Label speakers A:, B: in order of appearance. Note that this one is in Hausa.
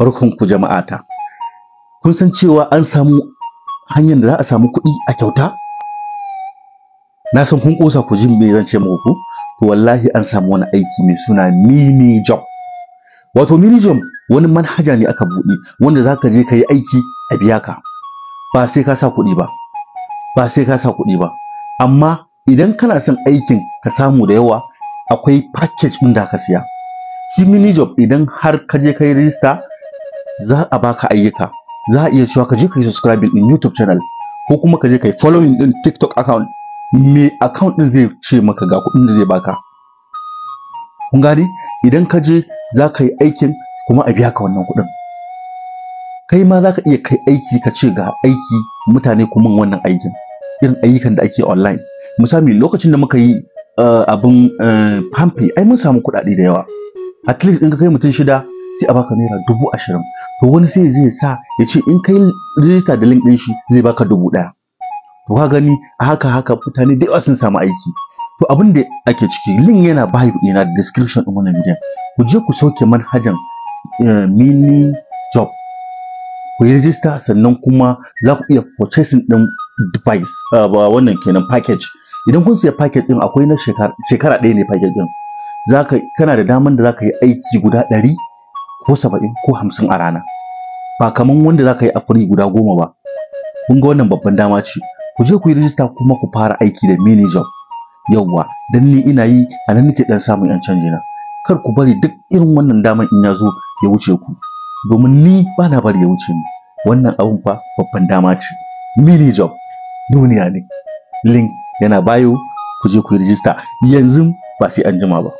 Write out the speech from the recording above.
A: barkanku ta, kun san cewa an samu hanyar da za a samu kuɗi a kyauta na san kun kosa ku jin me zan ce muku to wallahi an samu wani aiki mai suna mini job wato mini job wani manhaja ne aka buɗe wanda zaka je ka yi aiki a biya ka ba sai ka sa kuɗi ba ba sai ka sa kuɗi ba amma idan kana son aikin ka samu da yawa akwai package ɗin da ka siya shi mini job idan har ka je ka yi rijista za a baka ayyuka za a iya cewa ka je ka yi subscribing din YouTube channel ko kuma ka je ka yi following din TikTok account me account din zai ce maka ga kuɗin da zai baka kun gani idan ka je za ka yi aikin kuma a biya ka wannan kuɗin kai ma za ka iya kai aiki ka ce ga aiki mutane kuma wannan aikin irin ayyukan da ake online misali lokacin da muka yi eh, abin eh, pampi ai mun samu kuɗaɗe da yawa at least in ka kai mutum shida sai a baka naira dubu ashirin to wani sai zai sa ya ce in kai rijista da link ɗin shi zai baka dubu ɗaya to ka gani a haka haka mutane da yawa sun samu aiki to abin da ake ciki link yana bayo yana description ɗin wannan bidiyon ku je ku sauke manhajan eh, mini job ku yi rijista sannan kuma za ku iya purchasing ɗin device ah, ba wannan kenan package idan kun siya package ɗin akwai na shekara ɗaya ne package ɗin zaka kana da daman da zaka yi aiki guda ɗari ko saba'in ko hamsin a rana ba kaman wanda za ka yi afiri guda goma ba kun ga wannan babban dama ce ku je ku yi rijista kuma ku fara aiki da mini job yawwa dan ni ina yi a nan nake dan samun yan canji na kar ku bari duk irin wannan daman in ya zo ya wuce ku domin ni ba na bari ya wuce ni wannan abun fa babban dama ce mini job duniya ne link yana bayo ku je ku yi rijista yanzu ba sai an jima ba